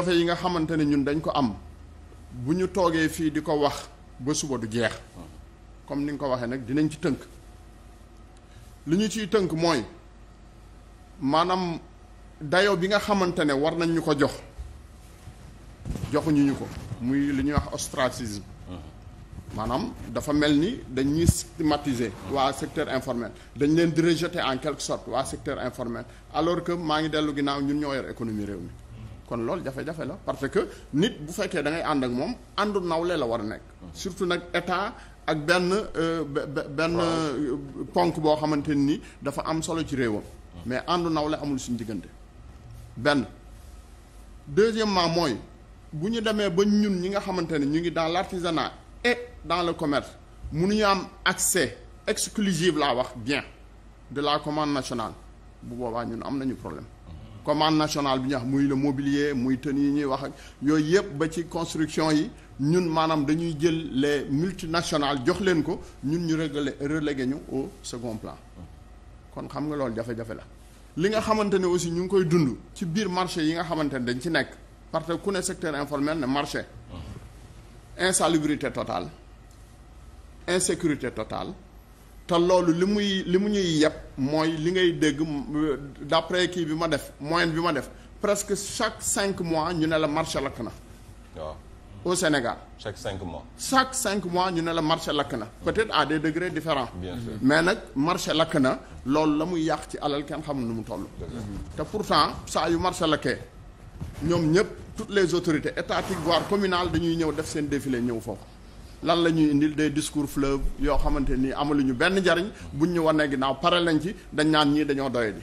jafe yi nga xamante ne ñun dañ ko am bu ñu toogee fii di ko wax ba suba du jeex comme ni nga ko waxee nag dinañ ci tënk li ñu ciy tënk mooy maanaam dayo bi nga xamante ne war nañ ñu ko jox joxuñu ñu ko muy li ñuy wax ostracisme maanaam dafa mel ni dañ dañuy stigmatiser waa secteur informel dañ leen di rejeter en quelque sorte waa secteur informel alors que maa ngi dellu ginnaaw ñun ñoo yor économie réew mi kon loolu jafe-jafe la parce que nit bu fekkee da ngay ànd ak moom àndu nawle la war a nekk. Mhm. surtout nag état ak benn euh, benn euh, ponk boo xamante ni dafa am solo ci réewam. Mhm. mais àndu nawle amul suñu diggante. benn deuxièmement mooy bu ñu demee ba ñun ñi nga xamante ne ñu ngi dans l'artisanat et dans le commerce ñu am accès exclusif laa wax bien de la commande nationale bu boobaa ñun am nañu problème. commande nationale bi ñu muy le mobilier muy tenue yi ñuy wax ak yooyu yëpp ba ci construction yi ñun maanaam dañuy jël les multinationales jox leen ko ñun ñu réglé relégué ñu au second plan kon xam nga loolu jafe-jafe la li nga xamante ne aussi ñu ngi koy dund ci biir marché yi nga xamante ne dañ ci nekk parce que ku ne secteur informel ne marché insalubrité totale insécurité totale te loolu li muy li mu ñuy yeb mooy li ngay dégg d'après kii bi ma def moyen bi ma def presque chaque cinq mois ñu ne la marché lakk na. au Sénégal. chaque cinq mois. chaque cinq mois ñu ne la marché lakk na. peut-être à des degrés différents. bien mais nag marché lakk na loolu la muy yàq ci alal kenn xamul nu mu toll. te pourtant saa yu marché lakkee ñoom ñëpp toutes les autorités étatiques voire communales dañuy ñëw def seen défilé ñëw foofu. lan la ñuy indil des discours fleuve yoo xamante ni ñu benn njariñ buñ ñu wanee naaw pare lañ ci dañ naan ñii dañoo doyadi